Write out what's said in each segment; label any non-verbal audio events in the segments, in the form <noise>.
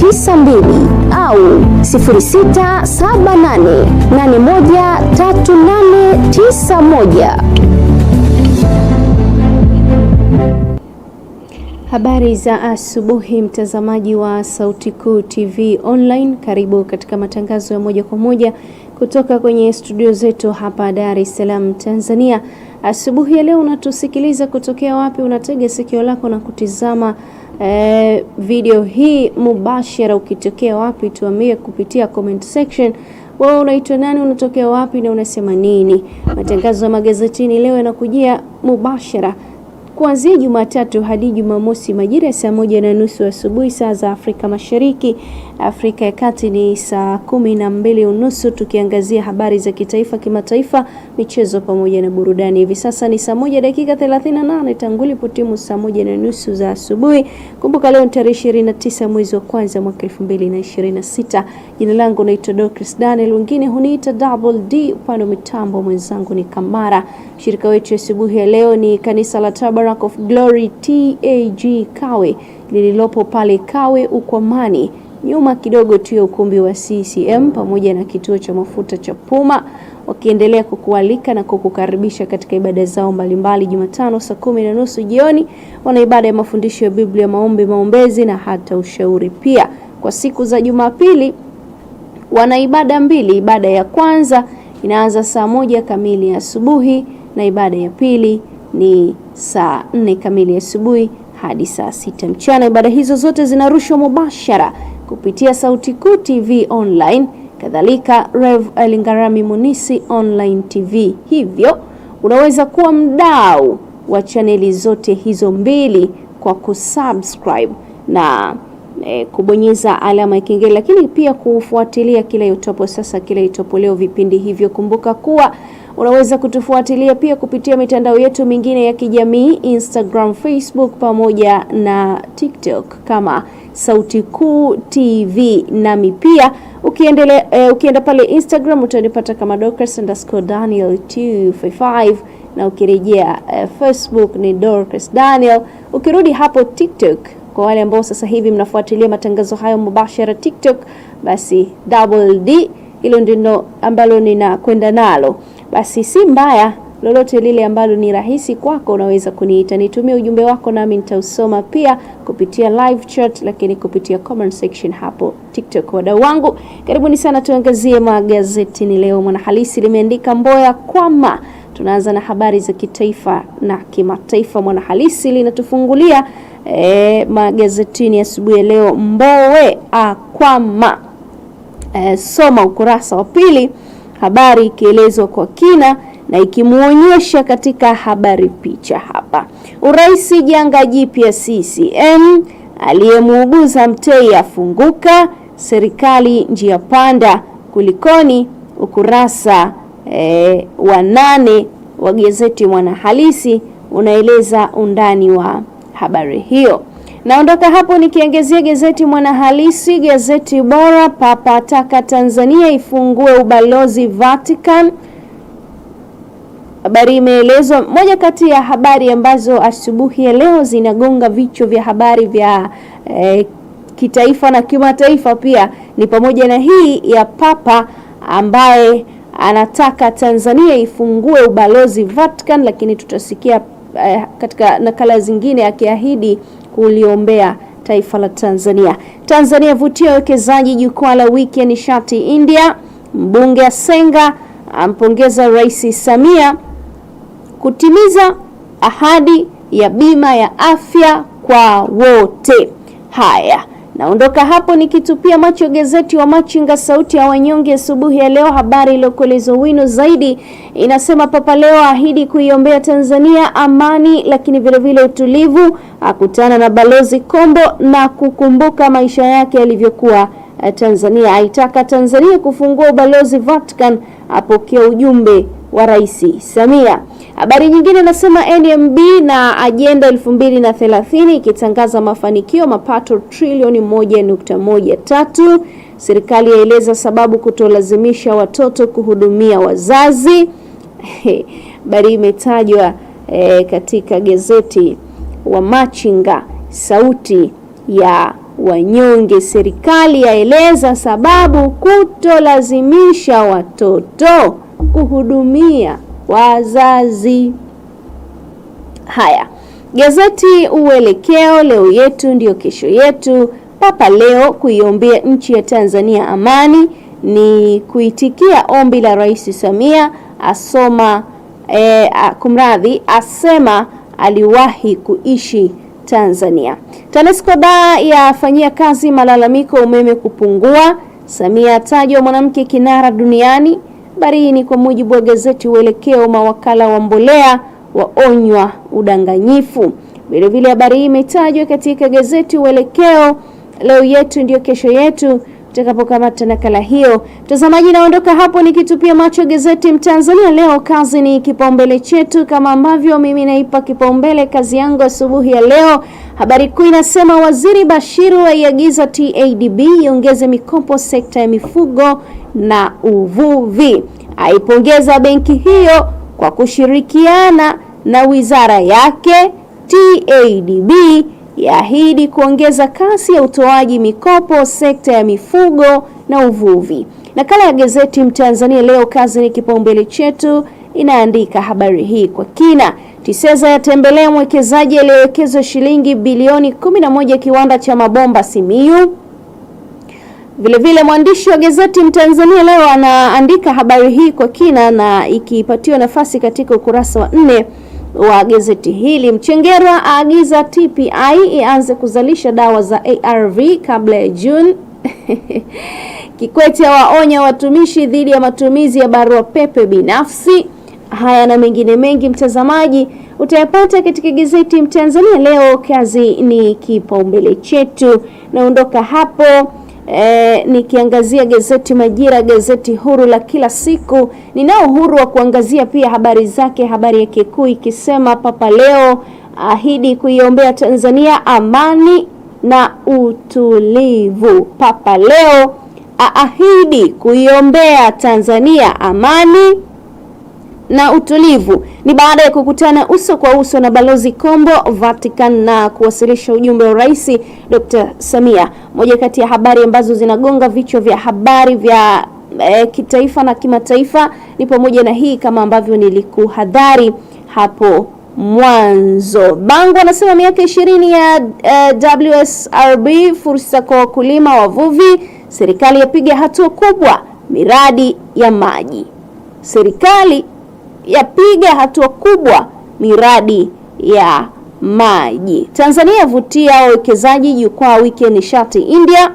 92 au 0678813891. Habari za asubuhi, mtazamaji wa Sauti Kuu TV Online, karibu katika matangazo ya moja kwa moja kutoka kwenye studio zetu hapa Dar es Salaam, Tanzania. Asubuhi ya leo unatusikiliza kutokea wapi? Unatega sikio lako na kutizama Eh, video hii mubashara. Ukitokea wapi, tuambie kupitia comment section. Wewe unaitwa nani, unatokea wapi na unasema nini? Matangazo ya magazetini leo yanakujia mubashara kuanzia Jumatatu hadi Jumamosi majira ya saa moja na nusu asubuhi saa za Afrika Mashariki, Afrika ya Kati ni saa kumi na mbili unusu, tukiangazia habari za kitaifa, kimataifa, michezo pamoja na burudani. Hivi sasa ni saa moja dakika 38 tangu ilipotimu saa moja na nusu za asubuhi. Kumbuka leo ni tarehe 29 mwezi wa kwanza mwaka 2026. Jina langu naitwa Dorcas Daniel, wengine huniita Double D. Upande wa mitambo mwenzangu ni Kamara. Shirika wetu asubuhi ya leo ni kanisa la Tabora Rock of Glory TAG Kawe lililopo pale Kawe Ukwamani, nyuma kidogo tu ya ukumbi wa CCM pamoja na kituo cha mafuta cha Puma, wakiendelea kukualika na kukukaribisha katika ibada zao mbalimbali. Jumatano saa kumi na nusu jioni wana ibada ya mafundisho ya Biblia, maombi, maombezi na hata ushauri. Pia kwa siku za Jumapili wana ibada mbili. Ibada ya kwanza inaanza saa moja kamili asubuhi na ibada ya pili ni saa nne kamili asubuhi hadi saa sita mchana. Ibada hizo zote zinarushwa mubashara kupitia Sauti Kuu TV online, kadhalika Rev Elingarami Munisi online TV. Hivyo unaweza kuwa mdau wa chaneli zote hizo mbili kwa kusubscribe na e, kubonyeza alama ya kengele, lakini pia kufuatilia kila itopo sasa, kila itopo leo, vipindi hivyo. Kumbuka kuwa Unaweza kutufuatilia pia kupitia mitandao yetu mingine ya kijamii Instagram, Facebook pamoja na TikTok kama Sauti Kuu TV. Nami pia ukiendelea, e, eh, ukienda pale Instagram utanipata kama Dorcas underscore Daniel 255 na ukirejea eh, Facebook ni Dorcas Daniel. Ukirudi hapo TikTok kwa wale ambao sasa hivi mnafuatilia matangazo hayo mubashara TikTok, basi double D hilo ndilo ambalo ninakwenda nalo basi si mbaya. Lolote lile ambalo ni rahisi kwako, unaweza kuniita, nitumie ujumbe wako nami nitausoma pia kupitia live chat, lakini kupitia comment section hapo TikTok. Wadau wangu, karibuni sana, tuangazie magazetini leo. Mwanahalisi limeandika Mboya kwama tunaanza na habari za kitaifa na kimataifa. Mwanahalisi linatufungulia e, magazetini asubuhi ya leo, Mbowe akwama. E, soma ukurasa wa pili habari ikielezwa kwa kina na ikimwonyesha katika habari picha hapa. Urais janga jipya CCM, aliyemuuguza Mtei afunguka, serikali njia panda. Kulikoni ukurasa e, wa nane wa gazeti Mwanahalisi unaeleza undani wa habari hiyo. Naondoka hapo nikiangazia gazeti Mwanahalisi, gazeti bora. Papa ataka Tanzania ifungue ubalozi Vatican, habari imeelezwa. Moja kati ya habari ambazo asubuhi ya leo zinagonga vichwa vya habari vya eh, kitaifa na kimataifa pia ni pamoja na hii ya Papa ambaye anataka Tanzania ifungue ubalozi Vatican, lakini tutasikia eh, katika nakala zingine akiahidi kuliombea taifa la Tanzania. Tanzania vutia wawekezaji jukwaa la wiki ya nishati India. Mbunge Asenga ampongeza Rais Samia kutimiza ahadi ya bima ya afya kwa wote. Haya. Naondoka hapo nikitupia macho gazeti wa Machinga sauti ya wanyonge asubuhi ya leo. Habari iliyokolezwa wino zaidi inasema Papa Leo ahidi kuiombea Tanzania amani, lakini vilevile utulivu, akutana na Balozi Kombo na kukumbuka maisha yake yalivyokuwa eh, Tanzania, aitaka Tanzania kufungua ubalozi Vatican, apokea ujumbe wa Rais Samia. Habari nyingine nasema NMB na ajenda 2030 ikitangaza mafanikio mapato trilioni 1.13. Serikali yaeleza sababu kutolazimisha watoto kuhudumia wazazi. Habari imetajwa e, katika gazeti wa machinga sauti ya wanyonge. Serikali yaeleza sababu kutolazimisha watoto kuhudumia wazazi. Haya, gazeti Uelekeo, leo yetu ndiyo kesho yetu. Papa leo kuiombea nchi ya Tanzania amani ni kuitikia ombi la Rais Samia asoma e, kumradhi, asema aliwahi kuishi Tanzania. TANESCO da yafanyia kazi malalamiko umeme kupungua. Samia atajwa mwanamke kinara duniani. Habari hii ni kwa mujibu wa gazeti Uelekeo, mawakala wa mbolea waonywa udanganyifu. Vilevile habari hii imetajwa katika gazeti Uelekeo, leo yetu ndiyo kesho yetu, tutakapokamata nakala hiyo. Mtazamaji, naondoka hapo nikitupia macho gazeti Mtanzania leo. Kazi ni kipaumbele chetu, kama ambavyo mimi naipa kipaumbele kazi yangu asubuhi ya leo. Habari kuu inasema waziri Bashiru aiagiza TADB iongeze mikopo sekta ya mifugo na uvuvi, aipongeza benki hiyo kwa kushirikiana na wizara yake. TADB yaahidi kuongeza kasi ya utoaji mikopo sekta ya mifugo na uvuvi. Nakala ya gazeti Mtanzania leo kazi ni kipaumbele chetu inaandika habari hii kwa kina. TISEZA yatembelea mwekezaji aliyewekeza shilingi bilioni 11 kiwanda cha mabomba Simiyu. Vilevile mwandishi wa gazeti Mtanzania leo anaandika habari hii kwa kina na ikipatiwa nafasi katika ukurasa wa nne wa gazeti hili. Mchengerwa aagiza TPI ianze kuzalisha dawa za ARV kabla ya Juni. <laughs> Kikwete waonya watumishi dhidi ya matumizi ya barua pepe binafsi. Haya na mengine mengi, mtazamaji, utayapata katika gazeti Mtanzania leo. Kazi ni kipaumbele chetu. Naondoka hapo E, nikiangazia gazeti Majira, gazeti huru la kila siku. Ninao uhuru wa kuangazia pia habari zake, habari ya kikuu ikisema Papa Leo ahidi kuiombea Tanzania amani na utulivu. Papa Leo aahidi kuiombea Tanzania amani na utulivu ni baada ya kukutana uso kwa uso na Balozi Kombo Vatican na kuwasilisha ujumbe wa Rais Dr. Samia. Moja kati ya habari ambazo zinagonga vichwa vya habari vya e, kitaifa na kimataifa ni pamoja na hii kama ambavyo nilikuhadhari hapo mwanzo. bango anasema miaka ishirini ya e, eh, WSRB fursa kwa wakulima wavuvi. Serikali yapiga hatua kubwa miradi ya maji. Serikali yapiga hatua kubwa miradi ya maji. Tanzania yavutia wawekezaji jukwaa wiki ya nishati India.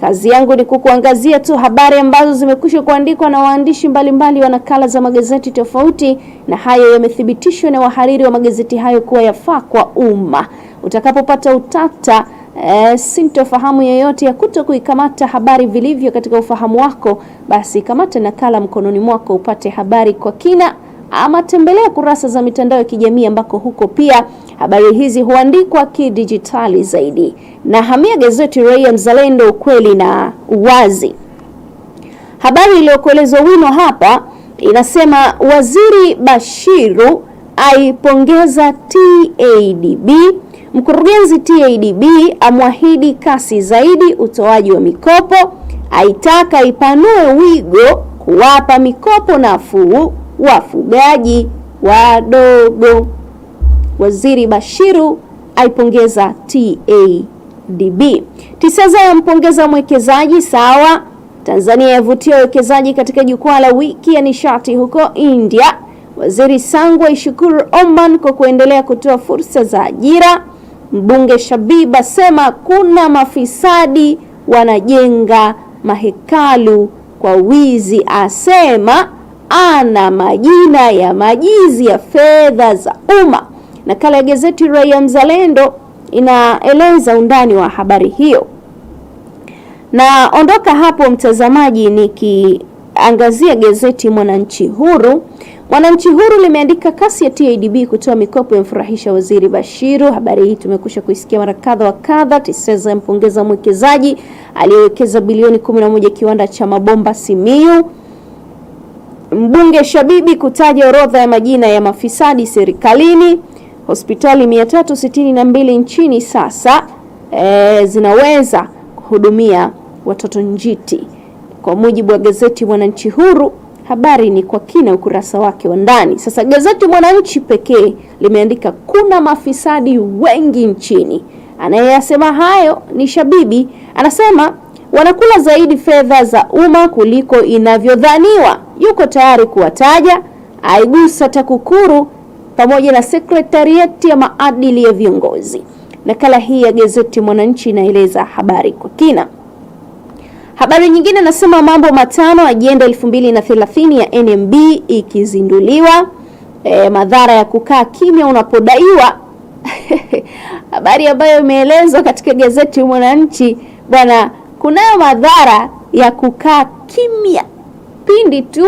Kazi yangu ni kukuangazia tu habari ambazo zimekwisha kuandikwa na waandishi mbalimbali wa nakala za magazeti tofauti, na hayo yamethibitishwa na wahariri wa magazeti hayo kuwa yafaa kwa umma. Utakapopata utata E, sintofahamu yoyote ya kuto kuikamata habari vilivyo katika ufahamu wako, basi kamata nakala mkononi mwako upate habari kwa kina ama tembelea kurasa za mitandao ya kijamii ambako huko pia habari hizi huandikwa kidijitali zaidi. Na hamia gazeti Raia Mzalendo, ukweli na uwazi. Habari iliyokolezwa wino hapa inasema Waziri Bashiru aipongeza TADB. Mkurugenzi TADB amwahidi kasi zaidi utoaji wa mikopo, aitaka ipanue wigo kuwapa mikopo nafuu wafugaji wadogo. Waziri Bashiru aipongeza TADB. TISEZA yampongeza mwekezaji sawa. Tanzania yavutia wawekezaji katika jukwaa la wiki ya nishati huko India. Waziri sangu aishukuru Oman kwa kuendelea kutoa fursa za ajira. Mbunge Shabib asema kuna mafisadi wanajenga mahekalu kwa wizi, asema ana majina ya majizi ya fedha za umma. Nakala ya gazeti Raia Mzalendo inaeleza undani wa habari hiyo. Na ondoka hapo mtazamaji, nikiangazia gazeti Mwananchi Huru. Mwananchi Huru limeandika kasi ya TADB kutoa mikopo yamfurahisha Waziri Bashiru. Habari hii tumekusha kuisikia mara kadha wa kadha. TISEZA mpongeza mwekezaji aliyewekeza bilioni 11 kiwanda cha mabomba Simiyu. Mbunge Shabibi kutaja orodha ya majina ya mafisadi serikalini. Hospitali 362 nchini sasa e, zinaweza kuhudumia watoto njiti kwa mujibu wa gazeti Mwananchi Huru. Habari ni kwa kina ukurasa wake wa ndani. Sasa gazeti Mwananchi pekee limeandika kuna mafisadi wengi nchini. Anayeyasema hayo ni Shabibi, anasema wanakula zaidi fedha za umma kuliko inavyodhaniwa yuko tayari kuwataja, aigusa TAKUKURU pamoja na sekretarieti ya maadili ya viongozi. Nakala hii ya gazeti Mwananchi inaeleza habari kwa kina. Habari nyingine nasema mambo matano ajenda 2030 ya NMB ikizinduliwa. E, madhara ya kukaa kimya unapodaiwa <laughs> habari ambayo imeelezwa katika gazeti Mwananchi bwana, kunayo madhara ya kukaa kimya pindi tu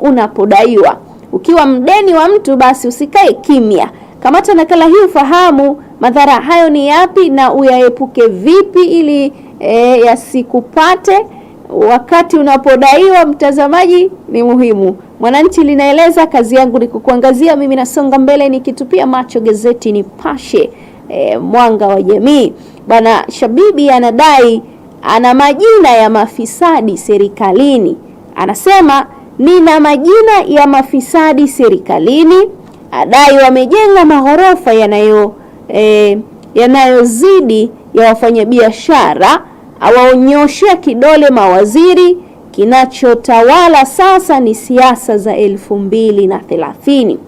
unapodaiwa. Ukiwa mdeni wa mtu, basi usikae kimya. Kamata nakala hii ufahamu madhara hayo ni yapi na uyaepuke vipi ili e, yasikupate wakati unapodaiwa. Mtazamaji, ni muhimu. Mwananchi linaeleza, kazi yangu ni kukuangazia, mimi nasonga mbele nikitupia macho gazeti Nipashe, e, mwanga wa jamii. Bwana Shabibi anadai ana majina ya mafisadi serikalini. Anasema nina majina ya mafisadi serikalini, adai wamejenga maghorofa yanayo eh, yanayozidi ya wafanyabiashara, awaonyoshea kidole mawaziri. Kinachotawala sasa ni siasa za elfu mbili na thelathini.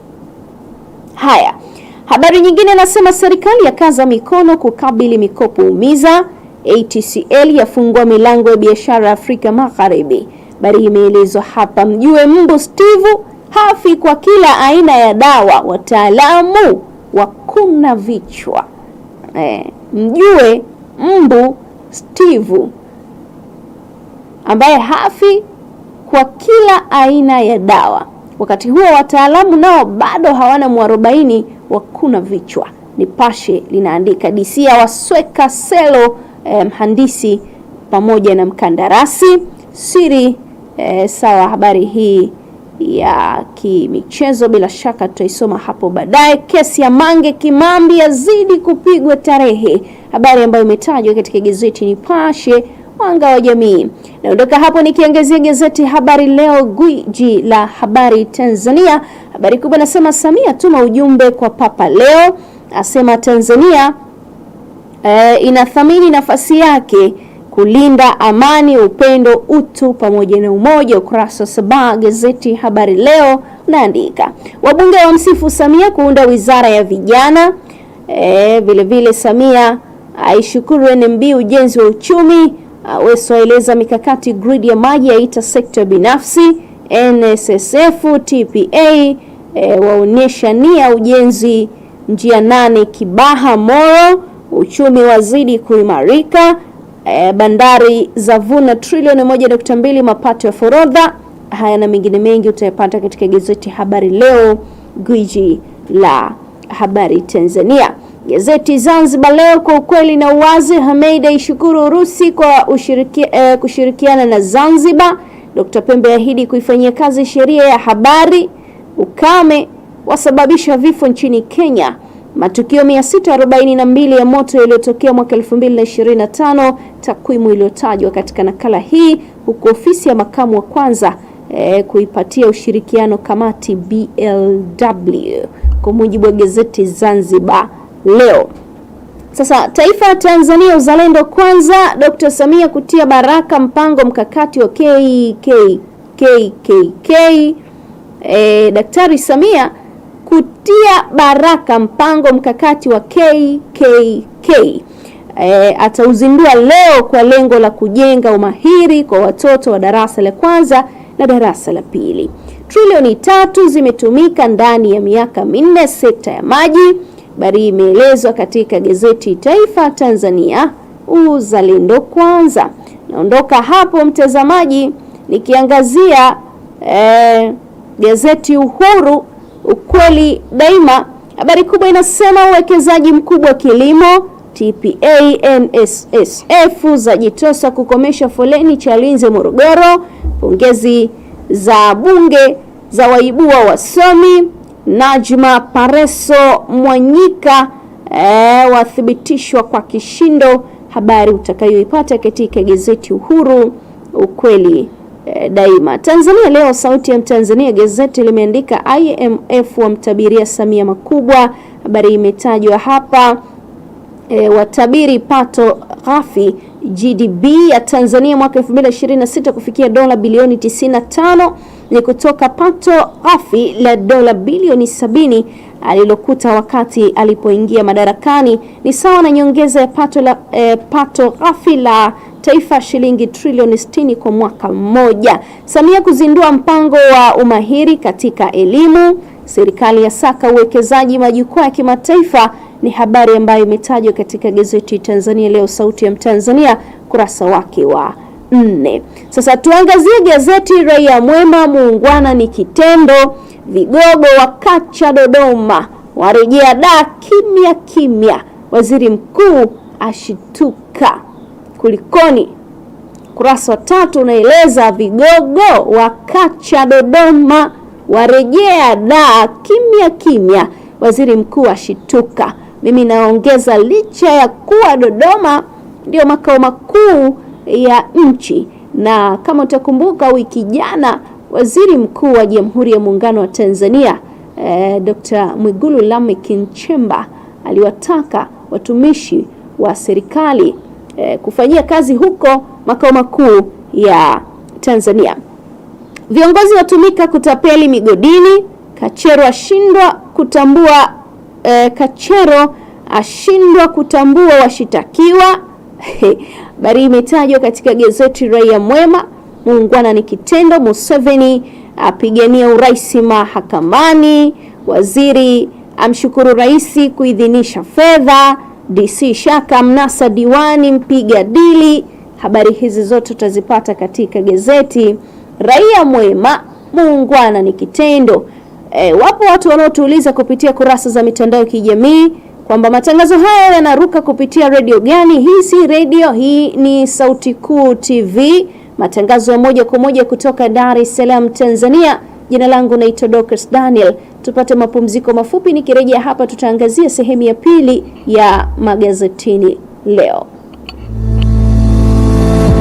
Haya, habari nyingine nasema serikali yakaza mikono kukabili mikopo umiza. ATCL yafungua milango ya biashara Afrika Magharibi habari imeelezwa hapa. Mjue mbu Steve hafi kwa kila aina ya dawa, wataalamu wakuna vichwa e. Mjue mbu Steve ambaye hafi kwa kila aina ya dawa. Wakati huo wataalamu nao bado hawana mwarobaini wakuna vichwa. Nipashe linaandika DC awasweka selo eh, mhandisi pamoja na mkandarasi siri E, sawa. Habari hii ya kimichezo bila shaka tutaisoma hapo baadaye. Kesi ya Mange Kimambi yazidi kupigwa tarehe, habari ambayo imetajwa katika gazeti Nipashe mwanga wa jamii. Naondoka hapo nikiangazia gazeti Habari Leo, gwiji la habari Tanzania. Habari kubwa nasema Samia tuma ujumbe kwa Papa Leo, asema Tanzania e, inathamini nafasi yake kulinda amani, upendo, utu pamoja na umoja. Ukurasa wa saba gazeti Habari Leo naandika wabunge wa msifu Samia kuunda wizara ya vijana. Vilevile vile Samia aishukuru NMB ujenzi wa uchumi. Aweso aeleza mikakati gridi ya maji, aita sekta binafsi. NSSF TPA e, waonyesha nia ujenzi njia nane Kibaha Moro. Uchumi wazidi kuimarika e, bandari za vuna trilioni moja nukta mbili mapato ya forodha. Haya na mengine mengi utayapata katika gazeti Habari Leo, gwiji la habari Tanzania. Gazeti Zanzibar Leo, kwa ukweli na uwazi. Hameid aishukuru Urusi kwa ushiriki, e, eh, kushirikiana na Zanzibar. Dkt. Pembe ahidi kuifanyia kazi sheria ya habari. Ukame wasababisha vifo nchini Kenya. Matukio 642 ya moto yaliyotokea mwaka 2025, takwimu iliyotajwa katika nakala hii, huku ofisi ya makamu wa kwanza eh, kuipatia ushirikiano kamati BLW kwa mujibu wa gazeti Zanzibar Leo. Sasa taifa Tanzania uzalendo kwanza, Dr. Samia kutia baraka mpango mkakati wa KKKK. E, eh, Daktari Samia kutia baraka mpango mkakati wa KKK. E, atauzindua leo kwa lengo la kujenga umahiri kwa watoto wa darasa la kwanza na darasa la pili. Trilioni tatu zimetumika ndani ya miaka minne sekta ya maji. Habari hii imeelezwa katika gazeti Taifa Tanzania Uzalendo Kwanza. Naondoka hapo mtazamaji, nikiangazia eh, gazeti Uhuru Ukweli Daima, habari kubwa inasema uwekezaji mkubwa wa kilimo TPA NSSF za jitosa kukomesha foleni Chalinze Morogoro. Pongezi za bunge za waibua wasomi. Najma Pareso Mwanyika e, wathibitishwa kwa kishindo. Habari utakayoipata katika gazeti Uhuru, ukweli Eh, daima. Tanzania Leo, sauti ya Mtanzania, gazeti limeandika IMF wamtabiria Samia makubwa, habari imetajwa hapa. E, watabiri pato ghafi GDP ya Tanzania mwaka 2026 kufikia dola bilioni 95 ni kutoka pato ghafi la dola bilioni sabini alilokuta wakati alipoingia madarakani ni sawa na nyongeza ya pato la eh, pato ghafi la taifa shilingi trilioni 60 kwa mwaka mmoja. Samia kuzindua mpango wa umahiri katika elimu. Serikali ya saka uwekezaji majukwaa ya kimataifa ni habari ambayo imetajwa katika gazeti Tanzania Leo, sauti ya Mtanzania, kurasa wake wa nne. Sasa tuangazie gazeti Raia Mwema, muungwana ni kitendo, vigogo wakacha Dodoma, warejea da kimya kimya, waziri mkuu ashituka. Kulikoni? Kurasa wa tatu unaeleza vigogo wakacha Dodoma, warejea da kimya kimya, waziri mkuu ashituka. Mimi naongeza licha ya kuwa Dodoma ndio makao makuu ya nchi. Na kama utakumbuka, wiki jana Waziri Mkuu wa Jamhuri ya Muungano wa Tanzania eh, Dr. Mwigulu Lameck Nchemba aliwataka watumishi wa serikali eh, kufanyia kazi huko makao makuu ya Tanzania. Viongozi watumika kutapeli migodini. Kachero ashindwa kutambua eh, Kachero ashindwa kutambua washitakiwa <laughs> Habari imetajwa katika gazeti Raia Mwema. Muungwana ni kitendo. Museveni apigania urais mahakamani. Waziri amshukuru rais kuidhinisha fedha. DC Shaka mnasa diwani mpiga dili. Habari hizi zote utazipata katika gazeti Raia Mwema. Muungwana ni kitendo. E, wapo watu wanaotuuliza kupitia kurasa za mitandao ya kijamii kwamba matangazo haya yanaruka kupitia redio gani. Hii si redio, hii ni Sauti Kuu TV, matangazo ya moja kwa moja kutoka Dar es Salaam, Tanzania. Jina langu naitwa Dorcas Daniel. Tupate mapumziko mafupi, nikirejea hapa tutaangazia sehemu ya pili ya magazetini leo.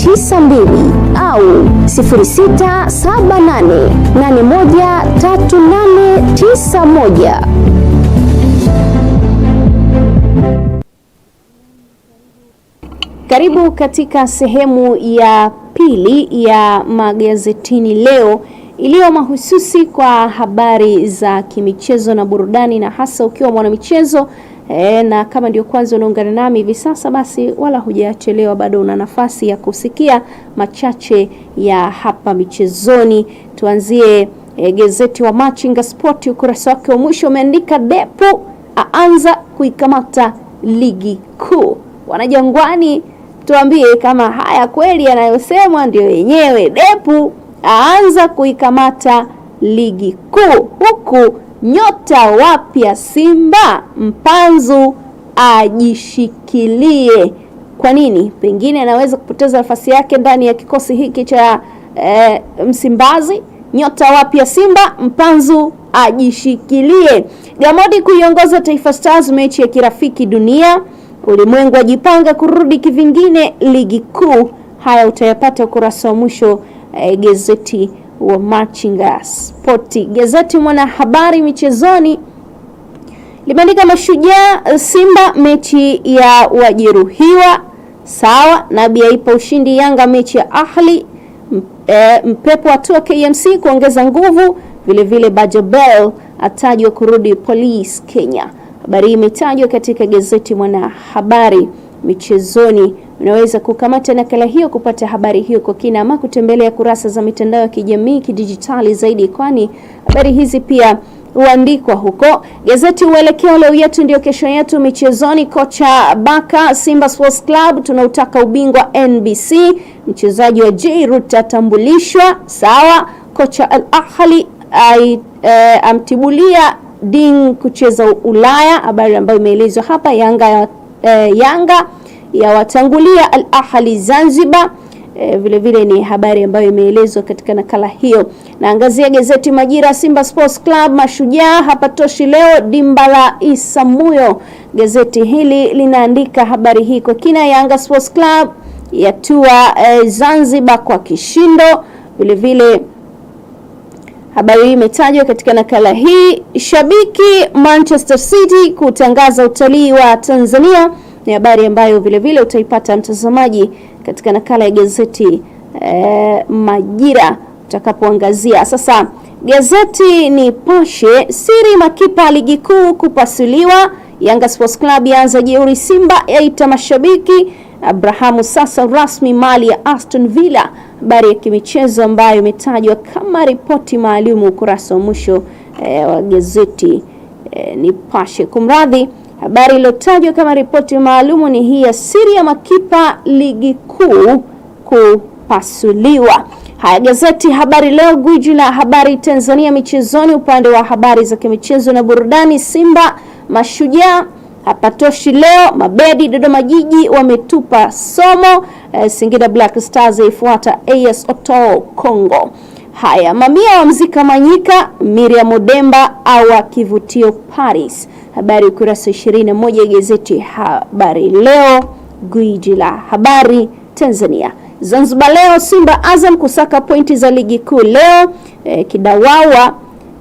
92 au 0678813891. Karibu katika sehemu ya pili ya magazetini leo iliyo mahususi kwa habari za kimichezo na burudani, na hasa ukiwa mwanamichezo E, na kama ndio kwanza unaungana nami hivi sasa, basi wala hujachelewa, bado una nafasi ya kusikia machache ya hapa michezoni. Tuanzie e, gazeti wa Machinga Sport ukurasa wake wa mwisho umeandika Depo aanza kuikamata ligi kuu. Wanajangwani, tuambie kama haya kweli yanayosemwa ndio yenyewe. Depu aanza kuikamata ligi kuu huku nyota wapya Simba, Mpanzu ajishikilie. Kwa nini? Pengine anaweza kupoteza nafasi yake ndani ya kikosi hiki cha e, Msimbazi. Nyota wapya Simba, Mpanzu ajishikilie. Gamodi kuiongoza Taifa Stars mechi ya kirafiki dunia. Ulimwengu ajipanga kurudi kivingine ligi kuu. Haya utayapata ukurasa wa mwisho e, gazeti wa Machinga Spoti. Gazeti Mwanahabari michezoni limeandika Mashujaa Simba mechi ya wajeruhiwa sawa, Nabi aipa ushindi Yanga mechi ya Ahli, eh, Mpepo atua KMC kuongeza nguvu, vilevile Bajabel atajwa kurudi polisi Kenya. Habari hii imetajwa katika gazeti Mwanahabari michezoni. Unaweza kukamata nakala hiyo kupata habari hiyo kwa kina, ama kutembelea kurasa za mitandao ya kijamii kidijitali zaidi, kwani habari hizi pia huandikwa huko. Gazeti Uelekeo, leo yetu ndio kesho yetu. Michezoni, kocha Baka Simba Sports Club, tunautaka ubingwa NBC. Mchezaji wa J Ruta atambulishwa sawa. Kocha Al Ahli e, amtibulia Ding kucheza Ulaya, habari ambayo imeelezwa hapa. Yanga, e, Yanga ya watangulia Al Ahli Zanzibar. E, vile vile ni habari ambayo imeelezwa katika nakala hiyo. Naangazia gazeti Majira, Simba Sports Club, mashujaa hapatoshi leo, dimba la Isamuyo. Gazeti hili linaandika habari hii kwa kina. Yanga Sports Club yatua e, Zanzibar kwa kishindo. Vile vile habari hii imetajwa katika nakala hii. Shabiki Manchester City kutangaza utalii wa Tanzania ni habari ambayo vilevile utaipata mtazamaji katika nakala ya gazeti eh, Majira utakapoangazia sasa gazeti Nipashe. Siri makipa ligi kuu kupasuliwa, Yanga Sports Club yaanza jeuri, Simba yaita mashabiki, Abrahamu sasa rasmi mali ya Aston Villa. Habari ya kimichezo ambayo imetajwa kama ripoti maalumu ukurasa wa mwisho eh, wa gazeti eh, Nipashe. Kumradhi, Habari iliyotajwa kama ripoti maalumu ni hii ya siri ya makipa ligi kuu kupasuliwa. Haya, gazeti Habari Leo, gwiji la habari Tanzania michezoni. Upande wa habari za kimichezo na burudani, Simba Mashujaa hapatoshi leo. Mabedi Dodoma Jiji wametupa somo. E, Singida Black Stars ifuata AS Otoo Congo. Haya, mamia mzika Manyika. Miriam Odemba awa kivutio Paris habari ukurasa 21 ya gazeti Habari Leo, gwiji la habari Tanzania. Zanzibar Leo, Simba Azam kusaka pointi za ligi kuu leo. E, Kidawawa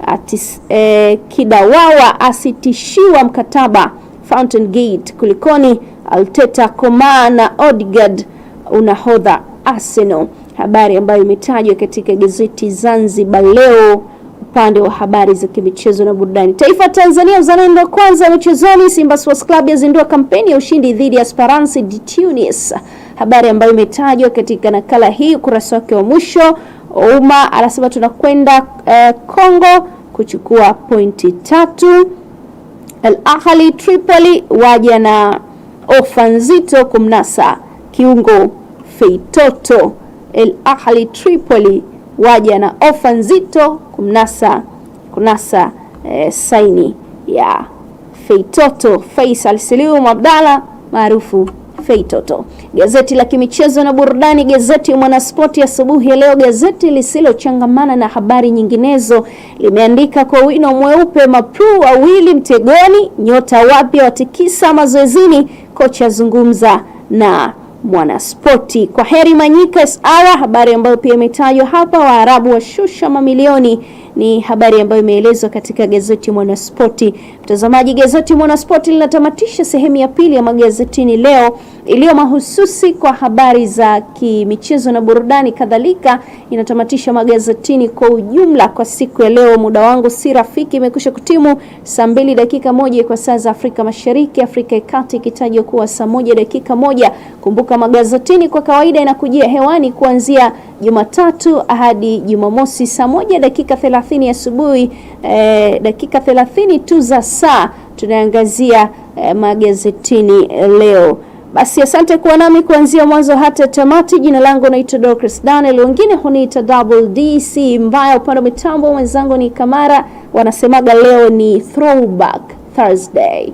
atis, e, Kidawawa asitishiwa mkataba Fountain Gate. Kulikoni Alteta koma na Odegaard unahodha Arsenal, habari ambayo imetajwa katika gazeti Zanzibar Leo upande wa habari za kimichezo na burudani, Taifa Tanzania, uzalendo kwanza michezoni. Simba Sports Club yazindua kampeni ya ushindi dhidi ya Esperance de Tunis, habari ambayo imetajwa katika nakala hii ukurasa wake wa mwisho. Uma anasema tunakwenda eh, Kongo eh, kuchukua pointi tatu. Al Ahli Tripoli waja na ofa nzito kumnasa kiungo Feitoto. Al Ahli Tripoli waja na ofa nzito kumnasa, kunasa e, saini ya Feitoto Faisal Salim Abdalla maarufu Feitoto. Gazeti la kimichezo na burudani, gazeti Mwanaspoti asubuhi ya, ya leo, gazeti lisilochangamana na habari nyinginezo limeandika kwa wino mweupe, mapru wawili mtegoni, nyota wapya watikisa mazoezini, kocha zungumza na Mwanaspoti. Kwa heri Manyika SR, habari ambayo pia imetajwa hapa, Waarabu washusha mamilioni ni habari ambayo imeelezwa katika gazeti Mwanaspoti. Mtazamaji, gazeti Mwanaspoti linatamatisha sehemu ya pili ya magazetini leo iliyo mahususi kwa habari za kimichezo na burudani, kadhalika inatamatisha magazetini kwa ujumla kwa siku ya leo. Muda wangu si rafiki, imekwisha kutimu saa mbili dakika moja kwa saa za Afrika Mashariki, Afrika ya Kati ikitajwa kuwa saa moja dakika moja. Kumbuka magazetini kwa kawaida inakujia hewani kuanzia Jumatatu hadi Jumamosi saa moja dakika 30 30 asubuhi eh, dakika 30 tu za saa tunaangazia eh, magazetini leo. Basi asante kuwa nami kuanzia mwanzo hata tamati. Jina langu naitwa Dorcas Daniel, wengine huniita Double DC mbaya. Upande wa mitambo mwenzangu ni Kamara, wanasemaga leo ni throwback Thursday.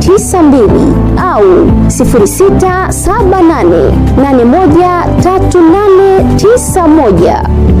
92 au 0678813891.